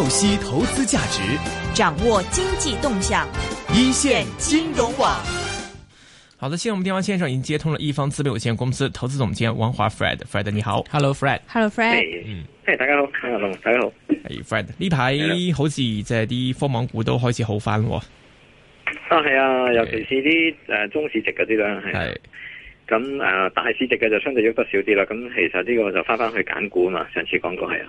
透析投資價值，掌握經濟動向，一線金融網。好的，現在我們電話線上已經接通了一方資本有限公司投資總監王華 Fred，Fred 你好，Hello Fred，Hello Fred，嗯，嘿大家好，Hello 大家好，哎、hey, Fred，呢排、hey. 好似即係啲科網股都開始好翻喎，hey. 啊係啊，尤其是啲誒中市值嗰啲啦係，咁誒、啊 hey. 啊、大市值嘅就相對郁得少啲啦，咁其實呢個就翻翻去揀股啊嘛，上次講過係啊。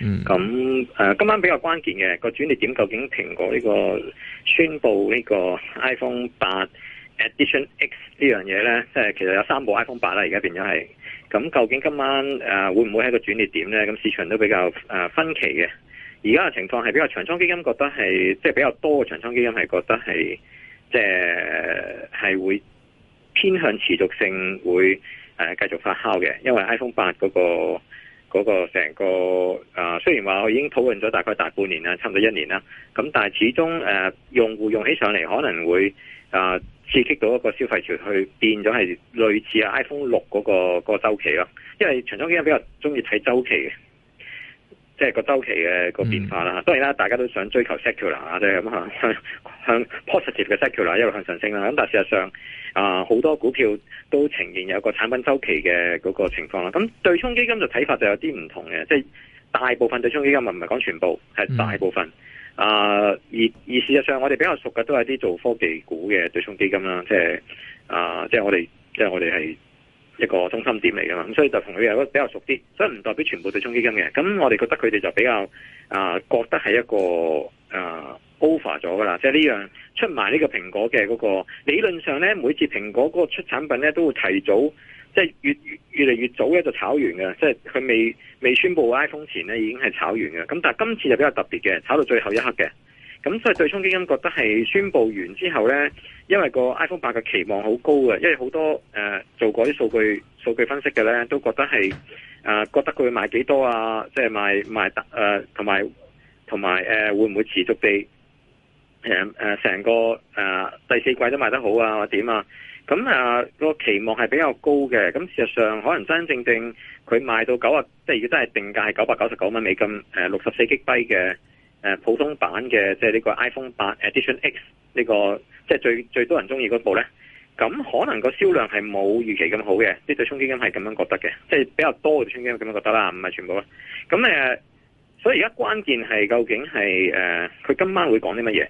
嗯，咁誒、呃，今晚比較關鍵嘅、那個轉捩點，究竟蘋果呢個宣布呢個 iPhone 八 Edition X 呢樣嘢咧，即係其實有三部 iPhone 八啦，而家變咗係，咁究竟今晚誒、呃、會唔會係一個轉捩點咧？咁市場都比較誒分歧嘅，而家嘅情況係比較長倉基金覺得係，即、就、係、是、比較多嘅長倉基金係覺得係，即係係會偏向持續性會誒繼續發酵嘅，因為 iPhone 八嗰、那個。嗰、那個成個啊，雖然話我已經討論咗大概大半年啦，差唔多一年啦，咁但係始終誒、啊，用戶用起上嚟可能會啊刺激到一個消費潮，去變咗係類似 iPhone 六、那、嗰個周期咯，因為長宗機人比較中意睇周期嘅。即係個周期嘅個變化啦、嗯，當然啦，大家都想追求 secular 啊，即係咁嚇向向 positive 嘅 secular 一路向上升啦。咁但事實上啊，好、呃、多股票都呈現有一個產品周期嘅嗰個情況啦。咁對沖基金就睇法就有啲唔同嘅，即係大部分對沖基金唔係講全部，係大部分啊、嗯呃。而而事實上，我哋比較熟嘅都係啲做科技股嘅對沖基金啦。即係啊、呃，即係我哋即係我哋係。一個中心點嚟噶嘛，咁所以就同佢有比較熟啲，所以唔代表全部對沖基金嘅。咁我哋覺得佢哋就比較啊、呃，覺得係一個啊、呃、over 咗噶啦，即係呢樣出埋呢個蘋果嘅嗰個。理論上呢，每次蘋果嗰個出產品呢都會提早，即係越越嚟越早嘅就炒完嘅。即係佢未未宣布 iPhone 前呢已經係炒完嘅。咁但係今次就比較特別嘅，炒到最後一刻嘅。咁所以對沖基金覺得係宣佈完之後呢，因為個 iPhone 八嘅期望好高嘅，因為好多誒、呃、做過啲數據數據分析嘅呢，都覺得係啊、呃、覺得佢賣幾多啊，即、就、係、是、賣賣大同埋同埋誒會唔會持續地誒成、呃、個誒、呃、第四季都賣得好啊或點啊？咁啊個期望係比較高嘅，咁事實上可能真真正正佢賣到九啊，即係如果真係定價係九百九十九蚊美金誒六十四 GB 嘅。呃誒普通版嘅即係呢個 iPhone 八 Edition X 呢、呢個即係最最多人中意嗰部咧，咁可能個銷量係冇預期咁好嘅，啲對沖基金係咁樣覺得嘅，即係比較多嘅對沖基金咁樣覺得啦，唔係全部啦。咁誒，所以而家關鍵係究竟係誒佢今晚會講啲乜嘢，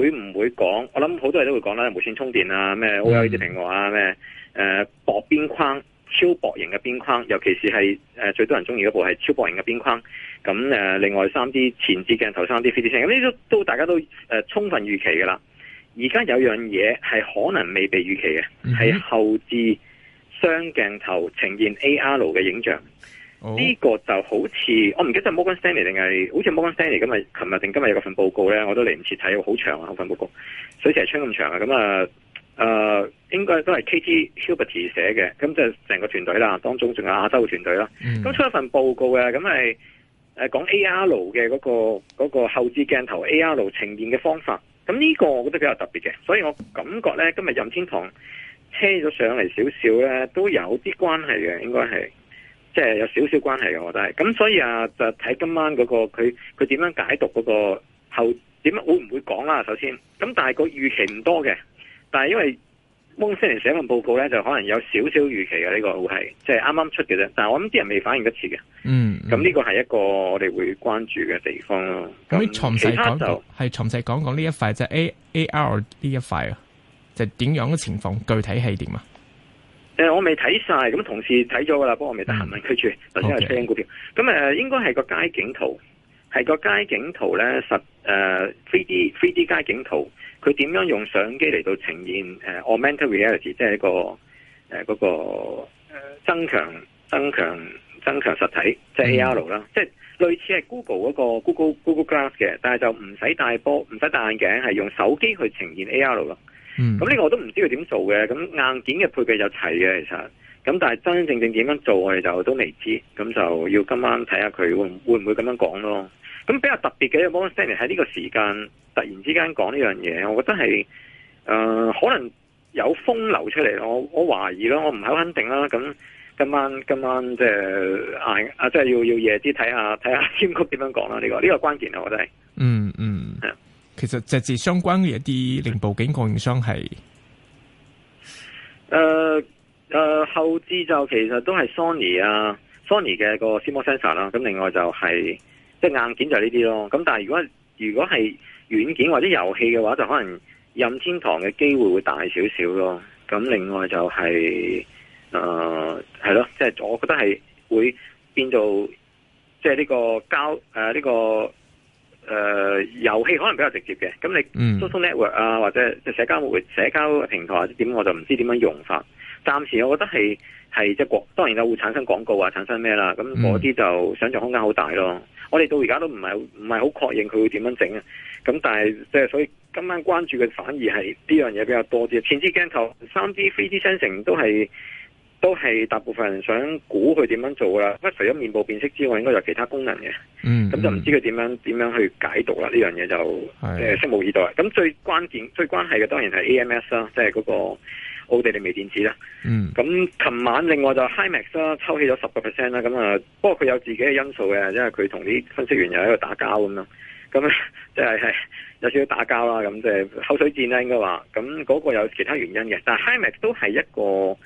會唔會講？我諗好多人都會講啦，無線充電啊，咩 OLED 屏幕啊，咩誒、呃、薄邊框超薄型嘅邊框，尤其是係誒、呃、最多人中意嗰部係超薄型嘅邊框。咁誒，另外三 D 前置鏡頭、三 D、4D 咁呢啲都都大家都誒、呃、充分預期嘅啦。而家有樣嘢係可能未被預期嘅，係、mm -hmm. 後置雙鏡頭呈現 AR 嘅影像。呢、oh. 個就好似我唔記得 Morgan Stanley 定係好似 Morgan Stanley 咁啊，琴日定今日有份報告咧，我都嚟唔切睇，好長啊，份報告，所以水蛇春咁長啊。咁、嗯、啊，誒、呃，應該都係 KT Huberty 寫嘅，咁就成個團隊啦，當中仲有亞洲團隊啦。咁出一份報告嘅，咁係。誒、那個，講 A R 嘅嗰個嗰個後置鏡頭 A R 呈現嘅方法，咁呢個我覺得比較特別嘅，所以我感覺咧今日任天堂車咗上嚟少少咧，都有啲關係嘅，應該係即係有少少關係嘅，我覺得係。咁所以啊，就睇今晚嗰、那個佢佢點樣解讀嗰個後點樣我會唔會講啦？首先，咁但係個預期唔多嘅，但係因為。蒙星尼寫份報告咧，就可能有少少預期嘅呢、這個係，即係啱啱出嘅啫。但係我諗啲人未反應得切嘅。嗯，咁、嗯、呢、嗯嗯這個係一個我哋會關注嘅地方啦。咁、嗯嗯、詳細講就係詳細講講呢一塊，即係 A A R 呢一塊啊，就點樣嘅情況，具體係點啊？誒、嗯，我未睇晒，咁同事睇咗噶啦，不過我未得閒問佢住。頭先係車股票，咁誒，應該係個街景圖。係個街景圖咧，實誒、呃、，3 d 3 d 街景圖，佢點樣用相機嚟到呈現誒、呃、Augmented Reality，即係一個誒嗰、呃那個誒增強、增強、增強實體，即、就、係、是、AR、嗯、啦，即係類似係 Google 嗰、那個 Google Google Glass 嘅，但係就唔使戴波，唔使戴眼鏡，係用手機去呈現 AR 咯。嗯，咁呢個我都唔知佢點做嘅，咁硬件嘅配備有齊嘅，其實，咁但係真真正正點樣做，我哋就都未知，咁就要今晚睇下佢會、嗯、會唔會咁樣講咯。咁比較特別嘅嘢，Mon s t e r i 喺呢個時間突然之間講呢樣嘢，我覺得係誒、呃、可能有風流出嚟咯。我懷疑啦，我唔係好肯定啦。咁、啊、今晚今晚、呃啊、即係啊即係要要夜啲睇下睇下天曲點樣講啦。呢、這個呢、這個關鍵啊，我覺得。嗯嗯。係其實直接相關嘅一啲零部件供應商係誒誒後置就其實都係 Sony 啊，Sony 嘅個 CMOS sensor 啦、啊。咁另外就係、是。硬件就係呢啲咯，咁但係如果如果係軟件或者遊戲嘅話，就可能任天堂嘅機會會大少少咯。咁另外就係誒係咯，即係我覺得係會變到即係呢個交誒呢、呃這個誒遊戲可能比較直接嘅。咁你 social network 啊，或者即係社交社交平台或者點，我就唔知點樣用法。暫時我覺得係係即係當然啦會產生廣告啊，或產生咩啦。咁嗰啲就想象空間好大咯。我哋到而家都唔係唔係好確認佢會點樣整啊，咁但係即係所以今晚關注嘅反而係呢樣嘢比較多啲，前置鏡頭、三 D、3D sensing 都係都係大部分人想估佢點樣做㗎啦。除咗面部辨識之外，應該有其他功能嘅。嗯，咁就唔知佢點樣點樣去解讀啦。呢樣嘢就即係拭目以待。咁最關鍵最關係嘅當然係 AMS 啦，即係嗰個。奧地利微電子啦，咁、嗯、琴晚另外就 HiMax 啦，抽起咗十個 percent 啦，咁啊，不過佢有自己嘅因素嘅，因為佢同啲分析員又喺度打交咁咯，咁即係係有少少打交啦，咁即係口水戰啦應該話，咁嗰個有其他原因嘅。但 HiMax 都係一個，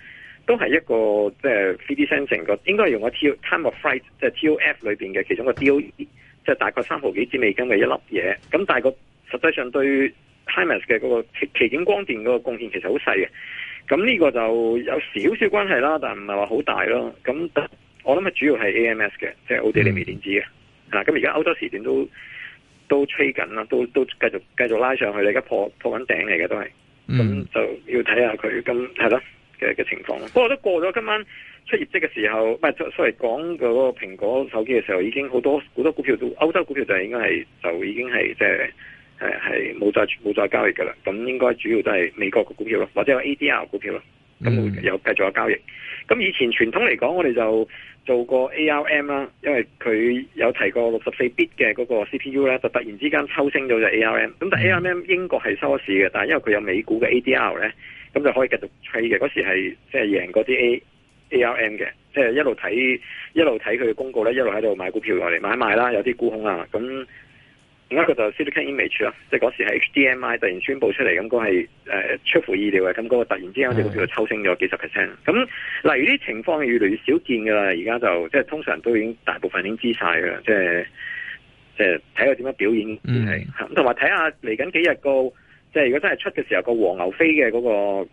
都係一個即係 three D sensing 個，應該係用咗 Time of flight，即係 T O F 裏邊嘅其中個 D O E，即係大概三毫幾支美金嘅一粒嘢，咁但係個實際上對 HiMax 嘅嗰個奇，奇景光電嗰個貢獻其實好細嘅。咁呢個就有少少關係啦，但唔係話好大咯。咁我諗咪主要係 AMS 嘅，即係奧地利微電子嘅。吓咁而家歐洲時段都都吹緊啦，都都繼續繼續拉上去。你而家破破緊頂嚟嘅都係，咁、嗯、就要睇下佢今係咯嘅嘅情況。不過都過咗今晚出業績嘅時候，唔係，sorry，講嗰個蘋果手機嘅時候，已經好多好多股票都歐洲股票就係應該係就已經係即係。就是係係冇再冇再交易㗎啦，咁應該主要都係美國嘅股票咯，或者有 ADR 股票咯，咁、嗯、有繼續有交易。咁以前傳統嚟講，我哋就做過 ARM 啦、啊，因為佢有提過六十四 bit 嘅嗰個 CPU 咧，就突然之間抽升咗隻 ARM。咁但 ARM 英國係收市嘅，但係因為佢有美股嘅 ADR 咧，咁就可以繼續 trade 嘅。嗰時係即係贏嗰啲 ARM 嘅，即、就、係、是就是、一路睇一路睇佢嘅公告咧，一路喺度買股票落嚟買賣啦，有啲沽空啊咁。另一個就係 Silicon Image 啦，即係嗰時係 HDMI 突然宣布出嚟，咁嗰係誒出乎意料嘅，咁嗰個突然之間就叫做抽升咗幾十 percent。咁例如啲情況越嚟越少見㗎喇，而家就即係通常都已經大部分已經知晒㗎喇，即係即係睇下點樣表演先係同埋睇下嚟緊幾日個，即係如果真係出嘅時候個黃牛飛嘅嗰個。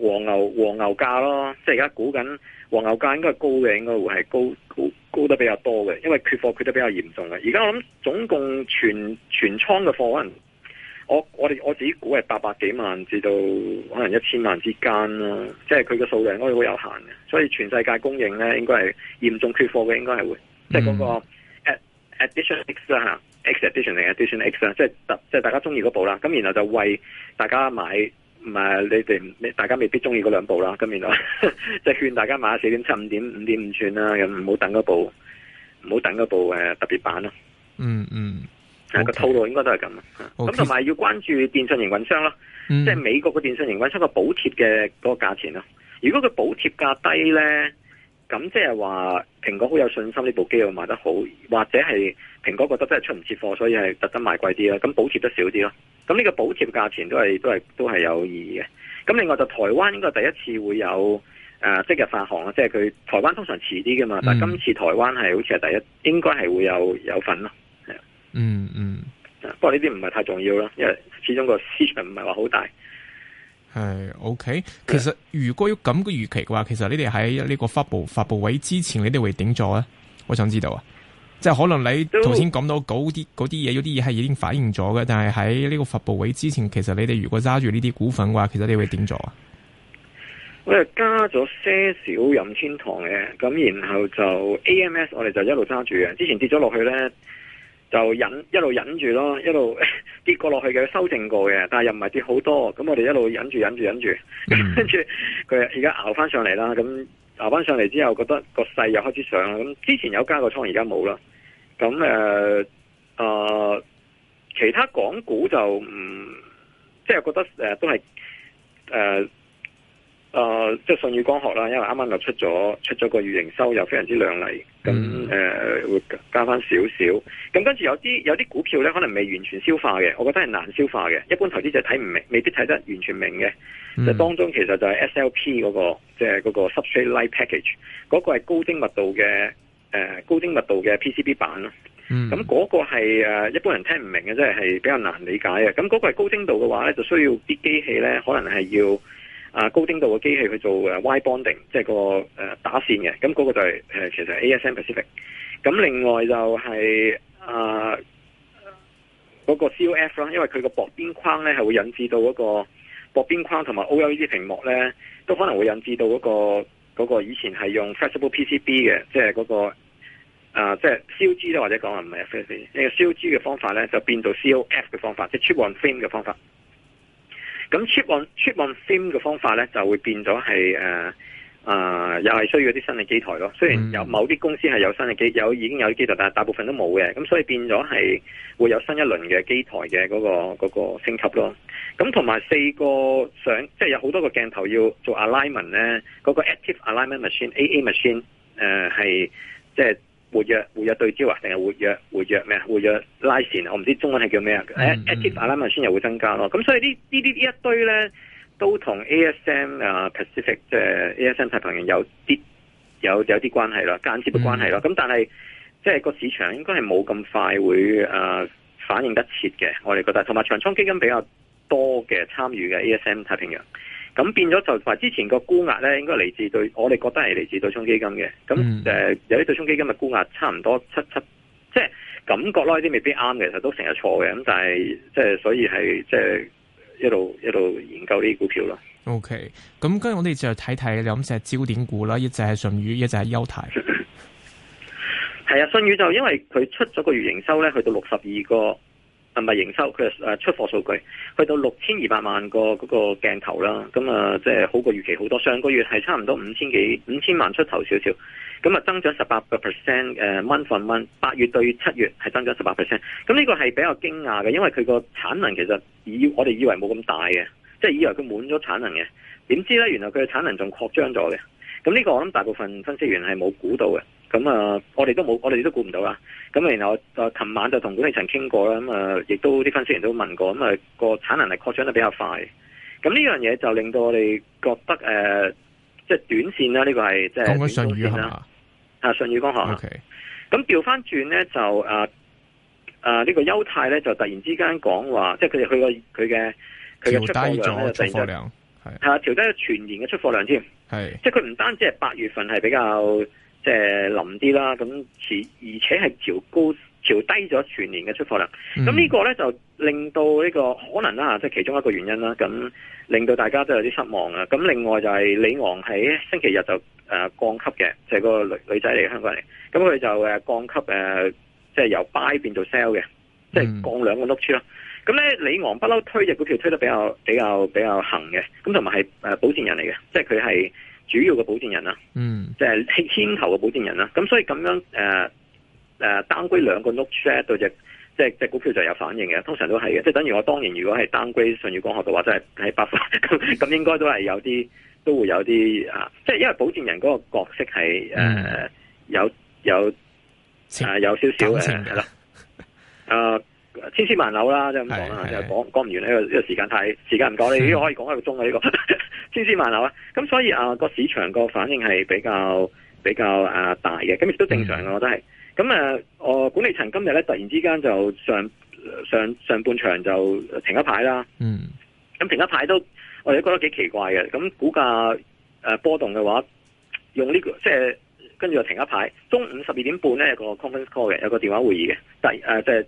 黃牛黃牛價咯，即係而家估緊黃牛價應該係高嘅，應該會係高高高得比較多嘅，因為缺貨缺得比較嚴重嘅。而家我諗總共全全倉嘅貨可能，我我哋我自己估係八百幾萬至到可能一千萬之間啦、啊。即係佢嘅數量應該會有限嘅，所以全世界供應咧應該係嚴重缺貨嘅，應該係會、嗯、即係嗰個 addition x 啊，e x addition addition x 啦，即係即係大家中意嗰部啦。咁然後就為大家買。唔係你哋，你大家未必中意嗰兩部啦。今年就即係勸大家買四點七、五點、五點五寸啦，又唔好等嗰部，唔好等嗰部誒、呃、特別版啦。嗯嗯，個套路應該都係咁。咁同埋要關注電信營運商咯，okay, 即係美國嘅電信營運商補貼個補貼嘅嗰個價錢咯。如果佢補貼價低呢？咁即係話蘋果好有信心呢部機會賣得好，或者係蘋果覺得真係出唔切貨，所以係特登賣貴啲啦。咁補貼得少啲咯。咁呢個補貼價錢都係都係都係有意義嘅。咁另外就台灣應該第一次會有誒、呃、即日發行，即係佢台灣通常遲啲噶嘛，嗯、但係今次台灣係好似係第一，應該係會有有份咯。係啊，嗯嗯，不過呢啲唔係太重要咯，因為始終個市場唔係話好大。誒、hey，OK，yeah。其實如果要咁嘅預期嘅話，其實你哋喺呢個發布發布會之前，你哋會頂住咧？我想知道啊，即係可能你頭先講到嗰啲啲嘢，有啲嘢係已經反映咗嘅，但係喺呢個發布會之前，其實你哋如果揸住呢啲股份嘅話，其實你會點做啊？我又加咗些少任天堂嘅，咁然後就 AMS，我哋就一路揸住嘅，之前跌咗落去咧。就忍一路忍住咯，一路跌過落去嘅，修正過嘅，但係又唔係跌好多，咁我哋一路忍住忍住忍住，跟住佢而家熬翻上嚟啦，咁熬翻上嚟之後，覺得個勢又開始上，咁之前有加個倉，而家冇啦，咁，誒、呃呃、其他港股就唔即係覺得，誒、呃、都係誒。呃誒、呃，即係舜宇光學啦，因為啱啱就出咗出咗個預營收又非常之亮麗，咁、嗯、誒、呃、會加翻少少。咁跟住有啲有啲股票咧，可能未完全消化嘅，我覺得係難消化嘅。一般投資者睇唔明，未必睇得完全明嘅、嗯。就當中其實就係 S L P 嗰、那個，即係嗰個 substrate light package 嗰個係高精密度嘅、呃、高精密度嘅 P C B 版。咯、嗯。咁、那、嗰個係一般人聽唔明嘅，即係係比較難理解嘅。咁、那、嗰個係高精度嘅話咧，就需要啲機器咧，可能係要。啊，高精度嘅機器去做 Y bonding，即係、嗰個、呃、打線嘅，咁嗰個就係、係呃、其實係 ASM Pacific。咁另外就係啊嗰個 C O F 啦，因為佢個薄邊框咧係會引致到嗰個薄邊框同埋 O L E D 屏幕咧，都可能會引致到嗰、嗰個、嗰個以前係用 Flexible P C B 嘅，即係嗰個即係 CG，咧，或者講係唔係 FSC，因為 CG 嘅方法咧就變做 C O F 嘅方法，即係 Chip on Film 嘅方法。咁 chip on chip on film 嘅方法咧，就會變咗係誒誒，又係需要啲新嘅機台咯。雖然有某啲公司係有新嘅機，有已經有啲機台，但係大部分都冇嘅。咁所以變咗係會有新一輪嘅機台嘅嗰個嗰個升級咯。咁同埋四個相，即係有好多個鏡頭要做 alignment 咧，嗰個 active alignment machine AA machine 誒、呃、係即係。活躍活躍對焦啊，定係活躍活躍咩啊？活躍拉線我唔知中文係叫咩啊。誒，一啲 Active Alignment 先又會增加咯。咁所以呢呢啲呢一堆咧，都同 ASM 啊、uh, Pacific 即係 ASM 太平洋有啲有有啲關係啦，間接嘅關係咯。咁、mm -hmm. 但係即係個市場應該係冇咁快會誒、呃、反應得切嘅，我哋覺得。同埋長倉基金比較多嘅參與嘅 ASM 太平洋。咁變咗就話之前個沽額咧，應該嚟自對我哋覺得係嚟自對沖基金嘅。咁、嗯呃、有啲對沖基金嘅沽額差唔多七七，即係感覺咯，呢啲未必啱嘅，其實都成日錯嘅。咁但係即係所以係即係一路一路研究呢啲股票啦 OK，咁今日我哋就睇睇兩隻焦點股啦，一隻係信宇，一隻係優泰。係 啊，信宇就因為佢出咗個月營收咧，去到六十二個。同埋營收佢誒出貨數據，去到六千二百萬個嗰個鏡頭啦，咁啊，即係好過預期好多。上個月係差唔多五千幾五千萬出頭少少，咁啊，增長十八個 percent 誒蚊份蚊。八月對七月係增長十八 percent，咁呢個係比較驚訝嘅，因為佢個產能其實以我哋以為冇咁大嘅，即係以為佢滿咗產能嘅，點知呢，原來佢嘅產能仲擴張咗嘅。咁呢個我諗大部分分析員係冇估到嘅。咁、嗯嗯、啊，我哋都冇，我哋都估唔到啦。咁然後啊，琴晚就同管理層傾過啦。咁、嗯、啊，亦都啲分析人都問過。咁、嗯、啊，個產能係擴張得比較快。咁呢樣嘢就令到我哋覺得誒、呃，即係短線啦。呢、呢個係即係短中線啦。吓，舜宇光學。咁調翻轉咧，就是、線線啊呢、okay. 嗯呃呃呢個優泰咧，就突然之間講話，即係佢哋佢個佢嘅佢嘅出貨量咧就遞咗，係啊，調低全年嘅出貨量添。係，即係佢唔單止係八月份係比較。即臨啲啦，咁而且係調高調低咗全年嘅出貨量，咁、嗯、呢個咧就令到呢、這個可能啦，即係其中一個原因啦，咁令到大家都有啲失望啦。咁另外就係李昂喺星期日就誒、呃、降級嘅，即、就、係、是、個女女仔嚟嘅香港人，咁佢就誒降級誒，即、呃、係、就是、由 buy 變做 sell 嘅，即、就、係、是、降兩個 note 出咯。咁、嗯、咧李昂不嬲推嘅股票推得比較比較比較行嘅，咁同埋係保薦人嚟嘅，即係佢係。主要嘅保證人啦，嗯，即係牽頭嘅保證人啦，咁所以咁樣誒誒、呃呃，單歸兩個 note share 對隻即係隻股票就有反應嘅，通常都係嘅，即係等於我當年如果係單歸舜宇光學嘅話，即係喺北發咁，咁、 嗯、應該都係有啲都會有啲啊，即係因為保證人嗰個角色係誒、呃、有有、啊、有少少嘅係啦， 千絲萬縷啦，即係咁講啦，即係講講唔完咧，又、這、呢個時間太時間唔夠，你可以講一個鐘啊呢、這個千絲萬縷啊，咁所以啊，個市場個反應係比較比較啊大嘅，咁亦、嗯、都正常嘅，我覺得係咁。咁啊，我管理層今日咧突然之間就上上上半場就停一排啦。嗯。咁停一排都我哋覺得幾奇怪嘅。咁股價誒、啊、波動嘅話，用呢、這個即係跟住就停一排。中午十二點半咧有個 conference call 嘅，有個電話會議嘅。第誒即係。啊就是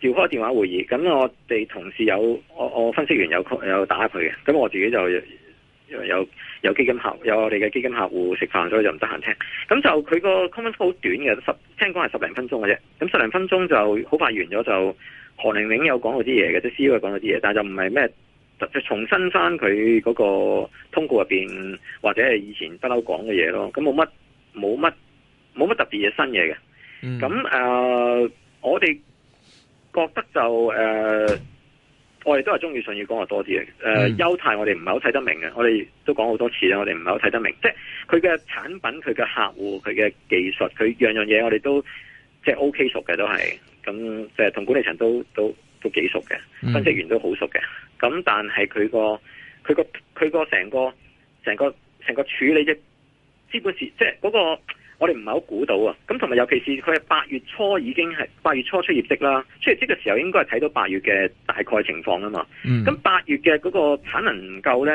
召開電話會議，咁我哋同事有我我分析員有有打佢嘅，咁我自己就有有基金客有我哋嘅基金客戶食飯，所以就唔得閒聽。咁就佢個 conference 好短嘅，聽十聽講係十零分鐘嘅啫。咁十零分鐘就好快完咗，就韓玲玲有講咗啲嘢嘅，即 C E O 講咗啲嘢，但係就唔係咩，就重新翻佢嗰個通告入邊或者係以前不嬲講嘅嘢咯。咁冇乜冇乜冇乜特別嘅新嘢嘅。咁、嗯、誒、呃，我哋。我覺得就誒、呃，我哋都係中意信裕講話多啲嘅。誒、呃、優、嗯、泰我哋唔係好睇得明嘅。我哋都講好多次啦，我哋唔係好睇得明。即係佢嘅產品、佢嘅客戶、佢嘅技術、佢樣樣嘢，我哋、OK、都係即係 O K 熟嘅都係。咁即係同管理層都都都，都幾熟嘅，分析員都好熟嘅。咁但係佢個佢個佢個成個成個成個處理嘅資本事，即係嗰、嗰個。我哋唔係好估到啊！咁同埋，尤其是佢係八月初已經係八月初出業績啦，出業績嘅時候應該係睇到八月嘅大概情況啊嘛。咁、嗯、八月嘅嗰個產能唔夠呢，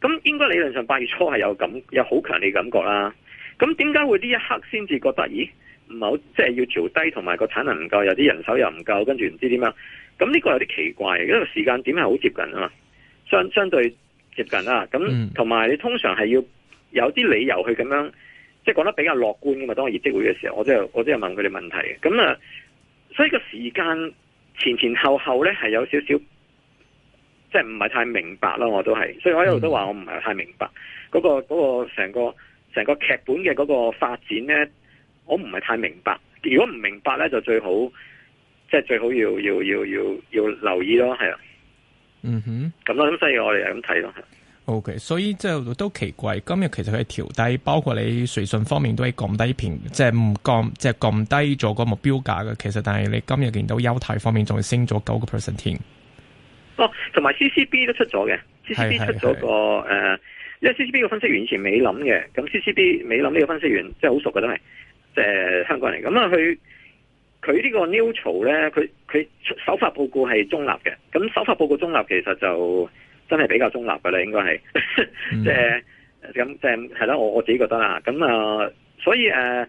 咁應該理論上八月初係有感有好強嘅感覺啦。咁點解會呢一刻先至覺得？咦，唔係好即係要調低，同埋個產能唔夠，有啲人手又唔夠，跟住唔知點樣？咁呢個有啲奇怪，因為時間點係好接近啊嘛，相相對接近啦。咁同埋你通常係要有啲理由去咁樣。即係講得比較樂觀嘅嘛，當我業績會嘅時候，我即係我問佢哋問題，咁啊，所以個時間前前後後咧係有少少，即係唔係太明白咯，我都係，所以我一路都話我唔係太明白嗰個、嗯哼嗰個、嗰個成個成個劇本嘅嗰個發展咧，我唔係太明白。如果唔明白咧，就最好，即係最好要要要要要留意咯，係啊。嗯哼，咁咯，咁所以我哋係咁睇咯。O、okay, K，所以即係都奇怪，今日其實佢係調低，包括你瑞信方面都係降低平，即係唔降，即、就、係、是、降低咗個目標價嘅。其實但係你今日見到優泰方面仲係升咗九個 percent 添。哦，同埋 C C B 都出咗嘅，C C B 出咗個誒，即係 C C B 嘅分析員以前美林嘅，咁 C C B 美林呢個分析員即係好熟嘅都係，即、呃、香港人嚟。咁啊佢佢呢個 neutral 咧，佢佢首發報告係中立嘅，咁首發報告中立其實就。真係比較中立㗎喇，應該係，即係咁即係，係 啦、就是就是、我我自己覺得啦。咁啊、呃，所以誒、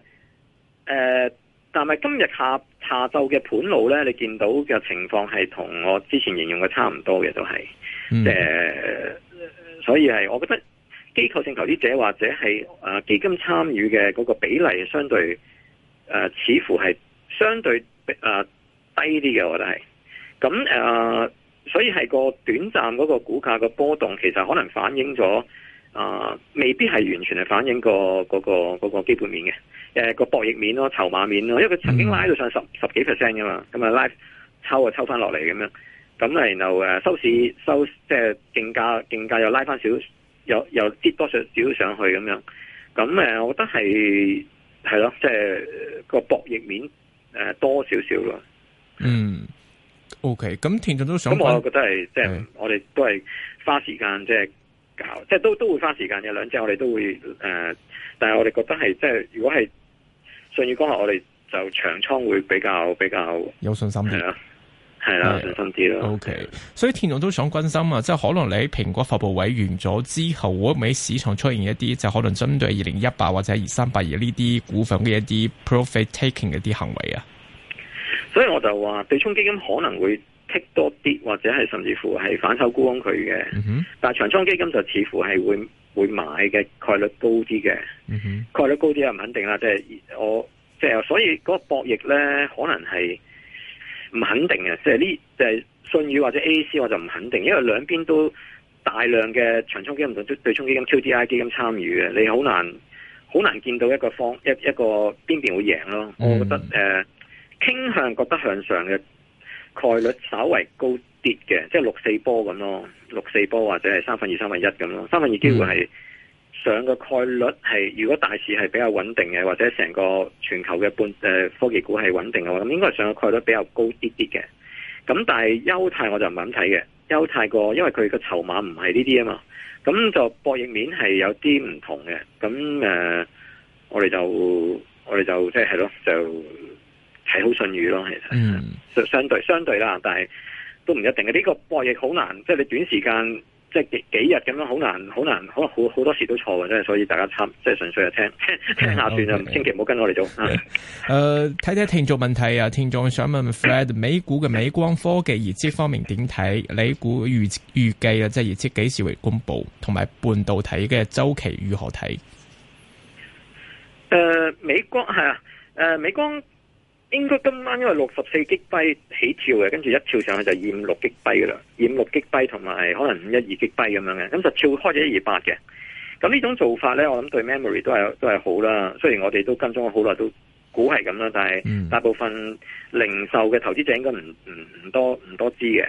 呃、但係今日下下晝嘅盤路咧，你見到嘅情況係同我之前形容嘅差唔多嘅，都、就、係、是，係、嗯呃，所以係，我覺得機構性投資者或者係啊、呃、基金參與嘅嗰個比例，相對誒、呃、似乎係相對、呃、低啲嘅，我覺得係，咁誒。呃所以係個短暫嗰個股價嘅波動，其實可能反映咗啊、呃，未必係完全係反映個嗰個個基本面嘅，誒、呃、個博弈面咯，籌碼面咯，因為佢曾經拉到上十十幾 percent 噶嘛，咁啊拉抽啊抽翻落嚟咁樣，咁啊然後誒、呃、收市收即係競價競價又拉翻少，又又跌多少少上去咁樣，咁誒、呃，我覺得係係咯，即係個博弈面誒、呃、多少少咯，嗯。O K，咁田總都想，咁我又覺得係，即係我哋都係花時間即係搞，即係都都會花時間嘅。兩隻我哋都會誒、呃，但係我哋覺得係，即係如果係信譽光學，我哋就長倉會比較比較有信心啲啦，係啦，信心啲啦。OK，所以田總都想關心啊，即係可能你喺蘋果發布會完咗之後，會唔會市場出現一啲就可能針對二零一八或者二三八二呢啲股份嘅一啲 profit taking 嘅啲行為啊？所以我就話對沖基金可能會剔多啲，或者係甚至乎係反手沽空佢嘅。但係長倉基金就似乎係會會買嘅概率高啲嘅。概率高啲又唔肯定啦，即係我即係所以嗰個博弈呢，可能係唔肯定嘅。即係呢，即係信譽或者 A A C 我就唔肯定，因為兩邊都大量嘅長倉基金同對沖基金、Q D I 基金參與嘅，你好難好難見到一個方一一個邊邊會贏咯、嗯。我覺得、呃傾向覺得向上嘅概率稍為高啲嘅，即係六四波咁咯，六四波或者係三分二三分一咁咯，三分二機會係上嘅概率係，如果大市係比較穩定嘅，或者成個全球嘅半誒、呃、科技股係穩定嘅話，咁應該係上嘅概率比較高啲啲嘅。咁但係優泰我就唔敢睇嘅，優泰過因為佢個籌碼唔係呢啲啊嘛，咁就博弈面係有啲唔同嘅。咁誒、呃，我哋就我哋就即係咯就。我們就就是是係好信譽咯，其實，就相對相對啦，但係都唔一定嘅。呢、這個博弈好難，即、就、係、是、你短時間，即係幾幾日咁樣，好難，好難，可能好好多時都錯嘅，即係。所以大家參，即係純粹係聽聽下算啦，千祈唔好跟我哋做。誒，睇睇聽眾問題啊，聽眾想問 Fred 美股嘅美光科技業績方面點睇？你股預預計啊，嗯、turnout, entitled, 即係業績幾時會公布？同埋半導體嘅周期如何睇？誒，美光係啊，誒，美光。應該今晚，因為六十四吉碑起跳嘅，跟住，一跳上去就二五六吉碑噶啦，二五六吉碑同埋可能五一二吉碑咁樣嘅，咁就跳開咗一二八嘅。咁呢種做法咧，我諗對 memory 都係都係好啦。雖然我哋都跟蹤咗好耐，都估係咁啦，但係大部分零售嘅投資者應該唔唔唔多唔多知嘅。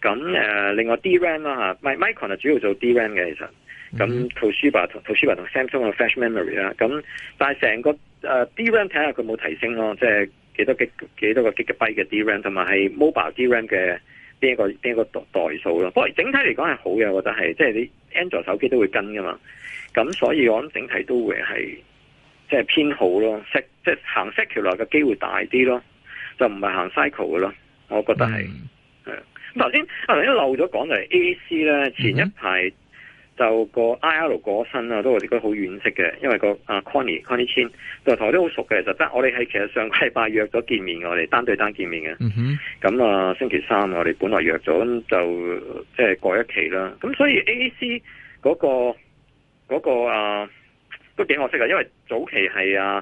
咁誒、呃，另外 DRAM 啦吓、mm -hmm.，Micron 係主要做 DRAM 嘅其實。咁 Toshiba 同 Toshiba 同 Samsung 嘅 Flash Memory 啦。咁但係成個誒、呃、DRAM 睇下佢冇提升咯，即係。幾多幾幾多個 GigaByte 嘅 DRAM 同埋係 Mobile DRAM 嘅邊一個邊一個代數咯，不過整體嚟講係好嘅，我覺得係即係你 Android 手機都會跟噶嘛，咁所以我諗整體都會係即係偏好咯即係、就是、行 secular 嘅機會大啲咯，就唔係行 cycle 嘅咯，我覺得係係。頭先頭先漏咗講就係、是、A C 咧，前一排、嗯嗯。就個 IL 過身啊，都我哋都好惋惜嘅，因為、那個 Connie、Connie Chan 在台都好熟嘅，其實但我哋係其實上個禮拜約咗見面嘅，我哋單對單見面嘅。咁、mm -hmm. 啊，星期三我哋本來約咗，咁就即係、就是、過一期啦。咁所以 AC 嗰、那個嗰、那個啊都幾可惜啊，因為早期係啊，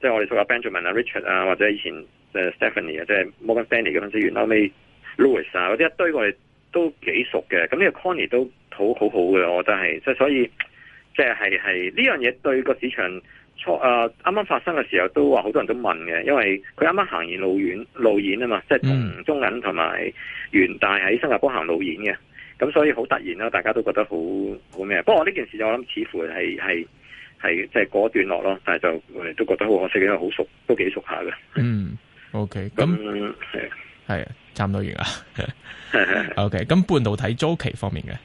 即、就、係、是、我哋做阿 Benjamin 啊、Richard 啊，或者以前 Stephanie 啊，即、就、係、是、Morgan Stanley 嘅分析員，後尾 Louis 啊嗰啲一堆我哋都幾熟嘅。咁呢個 Connie 都。好,好好好嘅，我都係，即係所以，即係係係呢樣嘢對個市場初誒啱啱發生嘅時候，都話好多人都問嘅，因為佢啱啱行完路演路演啊嘛，即係同中銀同埋元大喺新加坡行路演嘅，咁所以好突然啦，大家都覺得好好咩？不過我呢件事我諗似乎係係係即係過一段落咯，但係就我哋都覺得好可惜，因為好熟都幾熟下嘅。嗯，OK，咁係係差唔多完啦。OK，咁、嗯 okay, 半導體租期方面嘅。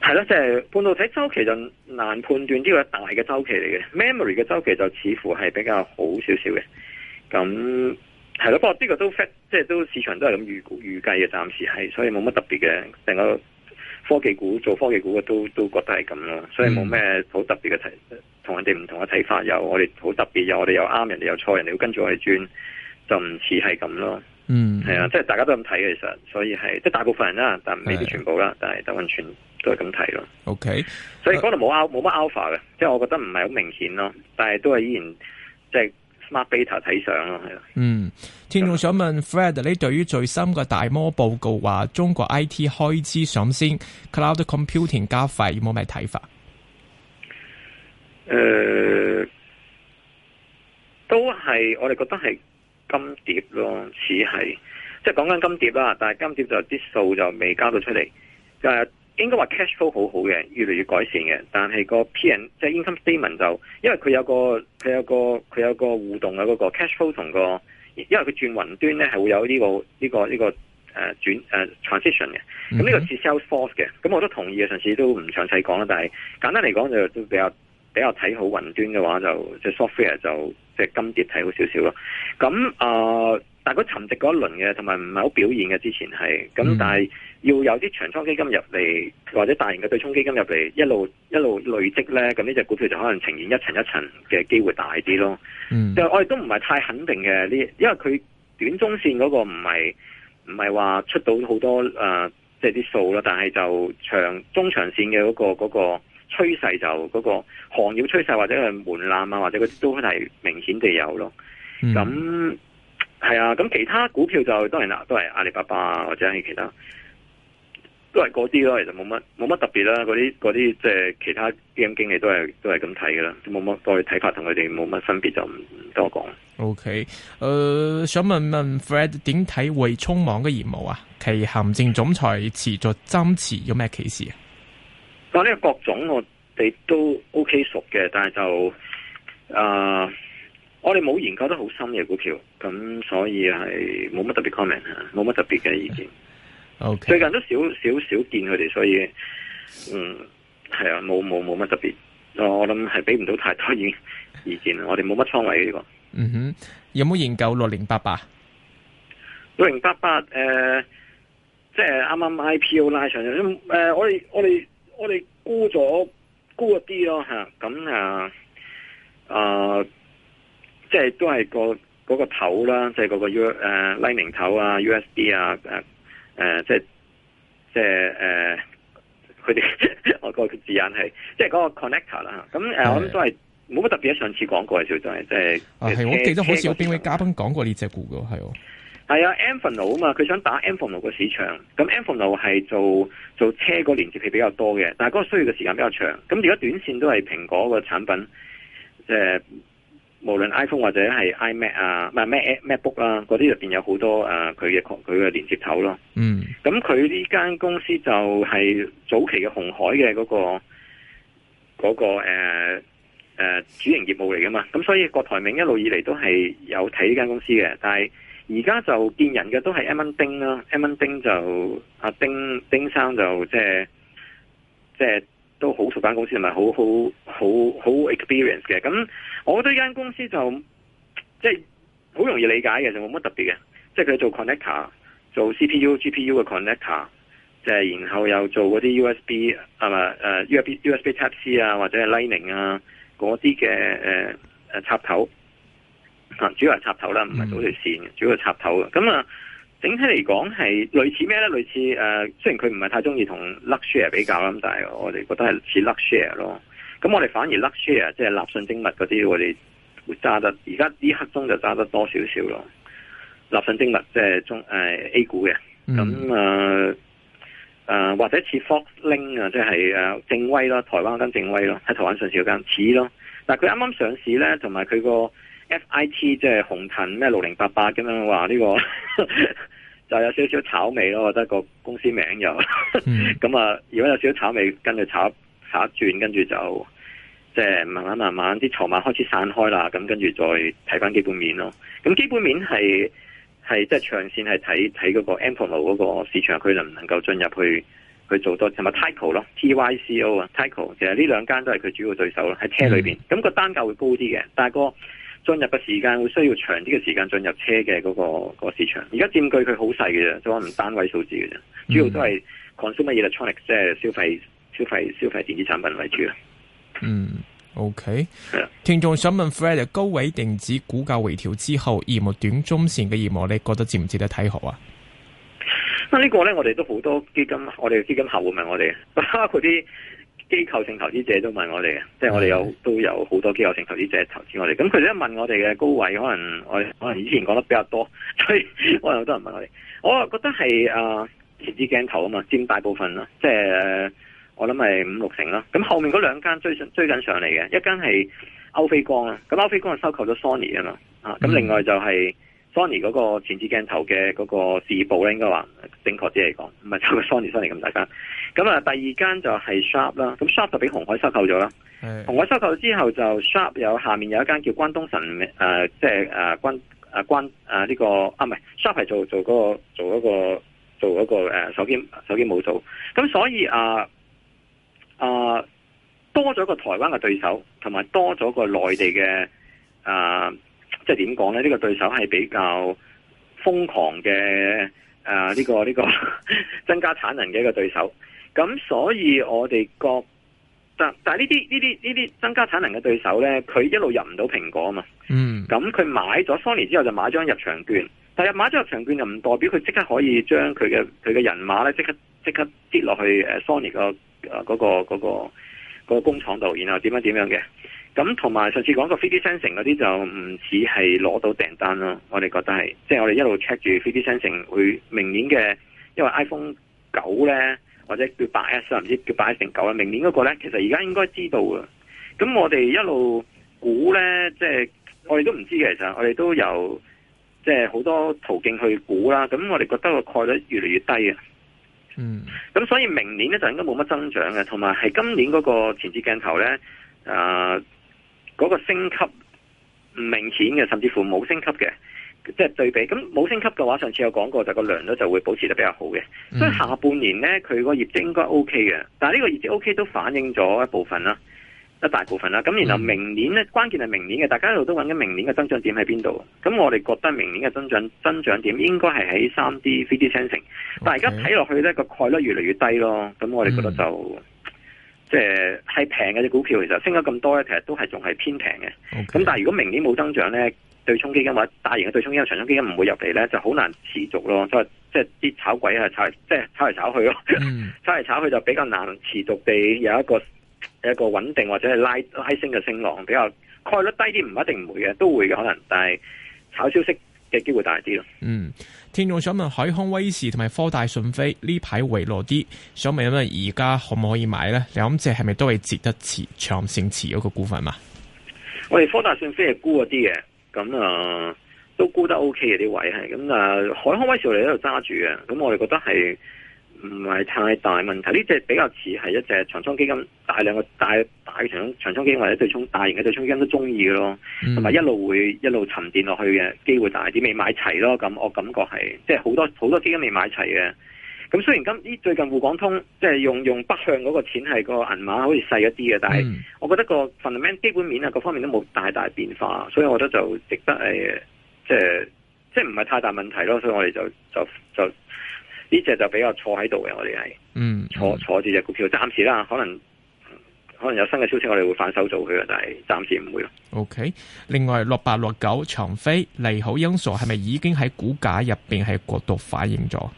係咯，即係半導體周期就難判斷呢個大嘅周期嚟嘅。memory 嘅周期就似乎係比較好少少嘅。咁係咯，不過呢個都 fit，即係都市場都係咁預估、預計嘅。暫時係，所以冇乜特別嘅。成個科技股做科技股嘅都都覺得係咁咯，所以冇咩好特別嘅睇，同人哋唔同嘅睇法有。我哋好特別有，我哋又啱人哋又錯，人哋會跟住我哋轉，就唔似係咁咯。嗯,嗯，係啊，即係大家都咁睇其實，所以係即係大部分人啦，但未必全部啦，但係就完全都係咁睇咯，OK，、uh, 所以嗰度冇冇乜 alpha 嘅，即、就、係、是、我覺得唔係好明顯咯，但係都係依然即係 smart beta 睇相咯，係啦。嗯，聽眾想問 Fred，你對於最新嘅大摩報告話中國 IT 開支上升 cloud computing 加快有冇咩睇法？誒、呃，都係我哋覺得係金蝶咯，似係即係講緊金蝶啦，但係金蝶就啲數就未交到出嚟，但係。應該話 cash flow 好好嘅，越嚟越改善嘅。但係個 P&N 即係 income statement 就，因為佢有個佢有個佢有個互動嘅嗰、那個 cash flow 同個，因為佢轉雲端咧係會有呢、這個呢、這個呢、呃呃、個誒轉誒 transition 嘅。咁呢個似 sales force 嘅。咁我都同意嘅，上次都唔詳細講啦。但係簡單嚟講就都比較比較睇好雲端嘅話就，即、就、係、是、software 就即係、就是、金蝶睇好少少咯。咁啊、呃，但係佢沉寂嗰一輪嘅，同埋唔係好表現嘅之前係。咁但係。嗯要有啲長倉基金入嚟，或者大型嘅對沖基金入嚟，一路一路累積咧，咁呢隻股票就可能呈現一層一層嘅機會大啲咯。嗯，就我哋都唔係太肯定嘅呢，因為佢短中線嗰個唔係唔係話出到好多誒，即係啲數啦。但係就長中長線嘅嗰、嗰個嗰、嗰個趨勢就，就、嗰、嗰個行業趨勢或者係門檻啊，或者嗰啲都係明顯地有咯。咁、嗯、係啊，咁其他股票就當然啦，都係阿里巴巴、啊、或者其他。都係嗰啲咯，其實冇乜冇乜特別啦。嗰啲嗰啲即係其他基金經理都係都係咁睇噶啦，冇乜我哋睇法同佢哋冇乜分別，就唔多講。O K，誒，想問問 Fred 點睇匯充網嘅業務啊？其行政總裁持續增持有咩啟示？但呢個郭總我哋都 O、OK、K 熟嘅，但係就誒、呃，我哋冇研究得好深嘅股票，咁所以係冇乜特別 comment 吓，冇乜特別嘅意見。嗯 Okay. 最近都少少少見佢哋，所以嗯係啊，冇冇冇乜特別，我諗係俾唔到太多意意見。我哋冇乜倉位呢個。嗯哼，有冇研究六零八八？六零八八誒，即係啱啱 IPO 拉上。誒、呃，我哋我哋我哋估咗估一啲咯吓，咁啊啊，即係都係個嗰、嗰個頭啦，即係嗰個 U 誒 Lightning 頭 USB，啊，USD 啊誒。誒、呃，即係，即係誒，佢、呃、哋我嗰個字眼係，即係嗰個 connector 啦咁誒，我諗都係冇乜特別喺上次講過少，就係即係。啊，係，我記得好似有邊位嘉賓講過呢隻股嘅，係哦。係啊 Amphenol 啊嘛，佢想打 Amphenol 嘅市場。咁 Amphenol 係做做車個連接器比較多嘅，但係嗰個需要嘅時間比較長。咁如果短線都係蘋果個產品，即係。無論 iPhone 或者係 iMac 啊，唔係 MacMacBook 啦，嗰啲入邊有好多誒，佢嘅佢嘅連接頭咯。嗯，咁佢呢間公司就係早期嘅鴻海嘅嗰、那個嗰、那個誒誒、啊啊、主營業務嚟噶嘛。咁所以郭台銘一路以嚟都係有睇呢間公司嘅，但係而家就見人嘅都係阿丁丁、啊、啦，阿丁丁就阿、啊、丁丁生就即係即係。就是都好熟，間公司同埋好好好好 experience 嘅。咁，我覺得間公司就即係好容易理解嘅，就冇乜特別嘅。即係佢做 connector，做 CPU GPU connector，就是，GPU 嘅 connector，即係然後又做嗰啲 USB 係咪 USB、uh, USB Type C 啊，或者係 Lightning 啊嗰啲嘅誒插頭。啊、嗯，主要係插頭啦，唔係組條線，主要係插頭。咁啊。整體嚟講係類似咩咧？類似誒、呃，雖然佢唔係太中意同 Luxshare 比較啦，咁但係我哋覺得係似 Luxshare 咯。咁我哋反而 Luxshare 即係立訊精密嗰啲，我哋會揸得而家呢刻中就揸得多少少咯。立訊精密即係中、呃、A 股嘅，咁、嗯、誒、嗯呃、或者似 Foxlink 啊，即係正威咯，台灣跟正威咯，喺台灣上市嗰間似咯。但佢啱啱上市咧，同埋佢個。F I T 即係鴻騰咩六零八八咁樣話呢個呵呵就是、有少少炒味咯，我覺得個公司名又咁啊！如果有少少炒味，跟住炒炒一轉，跟住就即係慢慢慢慢啲籌碼開始散開啦。咁跟住再睇翻基本面咯。咁基本面係係即係長線係睇睇嗰個 Amphenol 嗰個市場，佢能唔能夠進入去去做多，同埋 Tyco 咯，T Y C O 啊，Tyco 其實呢兩間都係佢主要對手咯喺車裏邊。咁、嗯個單價會高啲嘅，但係個。進入嘅時間會需要長啲嘅時間進入車嘅嗰、嗰個、嗰個市場，佔而家占據佢好細嘅啫，就可能單位數字嘅啫，主要都係 consumer electronics，即係消費消費消費電子產品為主啦。嗯，OK，係啊，聽眾想問 Freddie，高位定止股價回調之後，業務短中線嘅業務，你覺得值唔值得睇好啊？啊，這個、呢個咧，我哋都好多基金，我哋嘅基金客戶問我哋，嗱啲。機構性投資者都問我哋嘅，即係我哋有都有好多機構性投資者投資我哋，咁佢哋一問我哋嘅高位，可能我可能以前講得比較多，所以我好多人問我哋，我覺得係啊，截肢鏡頭啊嘛，佔大部分啦，即係我諗係五六成啦，咁後面嗰兩間追追緊上嚟嘅，一間係歐菲光啦，咁歐菲光係收購咗 Sony 啊嘛，啊，咁另外就係、是。嗯 Sony 嗰個前置鏡頭嘅嗰個事業部咧，應該話正確啲嚟講，唔係就係 Sony Sony 咁大間。咁啊，第二間就係 Sharp 啦，咁 Sharp 就俾鴻海收購咗啦。鴻海收購之後就 Sharp 有下面有一間叫關東神誒，即係誒關誒關誒呢個啊，唔係 Sharp 係做做嗰、嗰個做一個做一個,做一個、呃、手機手機模組。咁所以啊啊、呃呃、多咗個台灣嘅對手，同埋多咗個內地嘅啊。呃即係點講呢？呢、這個對手係比較瘋狂嘅，誒、呃、呢、這個呢、這個增加產能嘅一個對手。咁所以我哋覺得，但但係呢啲呢啲呢啲增加產能嘅對手呢，佢一路入唔到蘋果啊嘛。嗯。咁佢買咗 Sony 之後就買張入場券，但係買咗入場券就唔代表佢即刻可以將佢嘅佢嘅人馬呢即刻即刻跌落去 Sony，嗰個嗰，嗰個，嗰個，嗰個工廠度，然後點樣點樣嘅。咁同埋上次講過，3D sensing 嗰啲就唔似係攞到訂單咯，我哋覺得係，即係我哋一路 check 住 3D sensing 會明年嘅，因為 iPhone 九咧，或者叫八 S 啦，唔知叫八 S 成九啦，明年嗰個咧，其實而家應該知道嘅，咁我哋一路估咧，即係我哋都唔知嘅。其實，我哋都有即係好多途徑去估啦，咁我哋覺得個概率越嚟越低嘅，嗯，咁所以明年咧就應該冇乜增長嘅，同埋係今年嗰個前置鏡頭咧，呃嗰、那個升級唔明顯嘅，甚至乎冇升級嘅，即係對比咁冇升級嘅話，上次有講過就個量度就會保持得比較好嘅，嗯，所以下半年咧佢，OK，個業績應該 OK 嘅。但係呢個業績 OK 都反映咗一部分啦，一大部分啦。咁然後明年咧，嗯，關鍵係明年嘅，大家一路都揾緊明年嘅增長點喺邊度。咁我哋覺得明年嘅增長增長點應該係喺三 D，three D sensing。但係而家睇落去咧個概率越嚟越低咯。咁我哋覺得就，嗯即係係平嘅啲股票，其實升咗咁多咧，其實都係仲係偏平嘅。咁但係如果明年冇增長咧，對沖基金或者大型嘅對沖基金、長沖基金唔會入嚟咧，就好難持續咯。即係即係啲炒鬼呀，炒，即係炒嚟炒去咯。Mm. 炒嚟炒去就比較難持續地有一個有一個穩定或者係拉拉升嘅升浪，比較概率低啲，唔一定唔會嘅，都會嘅可能。但係炒消息嘅機會大啲咯。嗯，天耀想問海康威視同埋科大訊飛呢排回落啲，想問一問而家可唔可以買咧？兩隻係咪都係值得持長線持嗰個股份嘛？我哋科大訊飛係沽咗啲嘅，咁啊都沽得 OK 嘅啲位係。咁啊海康威視我哋喺度揸住嘅，咁我哋覺得係唔係太大問題？呢、這、隻、個、比較似係一隻長倉基金。大量嘅大大嘅長長沖基金或者對沖大型嘅對沖基金都中意嘅咯，同、嗯、埋一路會一路沉澱落去嘅機會大啲，未買齊咯。咁我感覺係即係好多好多基金未買齊嘅。咁雖然今呢最近滬港通即係用用北向嗰個錢係個銀碼好似細一啲嘅，但係我覺得個 fundamental 基本面啊各方面都冇大大變化，所以我覺得就值得、欸、即係即係唔係太大問題咯。所以我哋就就就呢隻、這個、就比較坐喺度嘅，我哋係、嗯、坐坐住隻股票，暫時啦，可能。可能有新嘅消息，我哋會反手做佢，但係暫時唔會咯。OK。另外，六八六九長飛利好因素係咪已經喺股價入邊係過度反映咗？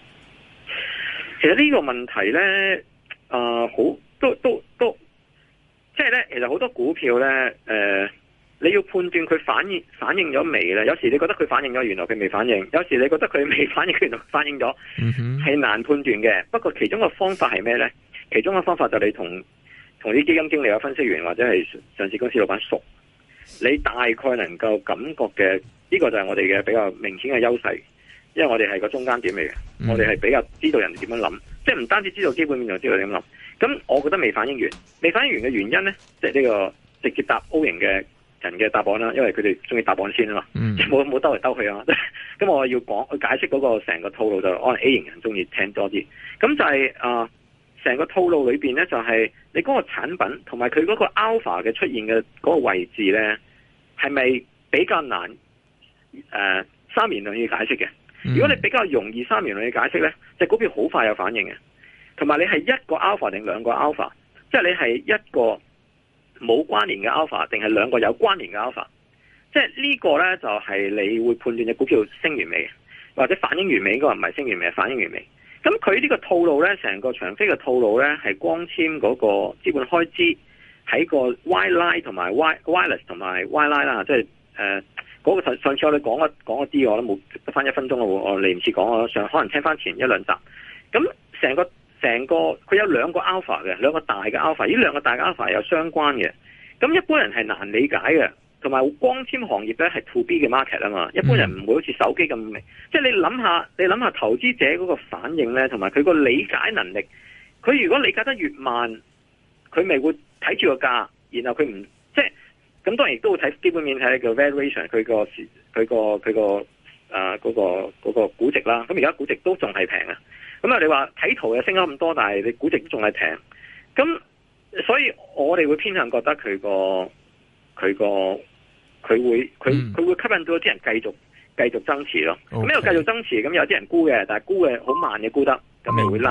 其實呢個問題呢，誒、呃，好都都都，即係呢，其實好多股票呢，誒、呃，你要判斷佢反，反應反應咗未呢？有時你覺得佢反應咗，原來佢未反應；有時你覺得佢未反應，原來反應咗，係難判斷嘅、嗯。不過其中個方法係咩呢？其中個方法就是你同。同啲基金經理嘅分析員或者係上市公司老闆熟，你大概能夠感覺嘅呢個就係我哋嘅比較明顯嘅優勢，因為我哋係個中間點嚟嘅，我哋係比較知道人哋點樣諗，即係唔單止知道基本面，就知道點樣諗。咁我覺得未反映完，未反映完嘅原因咧，即係呢個直接答 O 型嘅人嘅答案啦，因為佢哋中意答案先啊嘛，冇冇兜嚟兜去啊嘛。咁 我要講解釋嗰個成個套路就可能 A 型人中意聽多啲，咁就係、是、啊。呃成個套路裏面咧，就係你嗰個產品同埋佢嗰個 alpha 嘅出現嘅嗰個位置咧，係咪比較難誒、呃、三言兩語解釋嘅、嗯？如果你比較容易三言兩語解釋咧，就係、股票好快有反應嘅。同埋你係一個 alpha 定兩個 alpha，即係你係一個冇關聯嘅 alpha 定係兩個有關聯嘅 alpha，即係呢個咧就係你會判斷隻股票升完未，或者反應完未。嗰個唔係升完未，反應完未。咁佢呢個套路呢，成個長飛嘅套路呢，係光纖嗰個資本開支喺個 Wireline 同埋 Wireless 同埋 Wireline 啦，即係誒嗰個上次我哋講一講一啲我都冇得翻一分鐘喎。我嚟唔切講啊，上可能聽返前一兩集。咁成個成個佢有兩個 Alpha 嘅兩個大嘅 Alpha，呢兩個大嘅 Alpha 有相關嘅。咁一般人係難理解嘅。同埋光纖行業咧係 to B 嘅 market 啊嘛，一般人唔會好似手機咁明，即係你諗下，你諗下投資者嗰個反應咧，同埋佢個理解能力，佢如果理解得越慢，佢咪會睇住個價，然後佢唔即係咁，當然都會睇基本面，睇佢 valuation，佢個、佢個、佢個、呃、嗰個、嗰個估值啦。咁而家估值都仲係平啊，咁啊你話睇圖又升咗咁多，但係你估值仲係平，咁所以我哋會偏向覺得佢個佢個。佢 會佢佢會吸引到啲人繼續繼續增持咯，咁、okay. 呢度繼續增持，咁有啲人沽嘅，但係沽嘅好慢嘅沽得，咁咪會拉。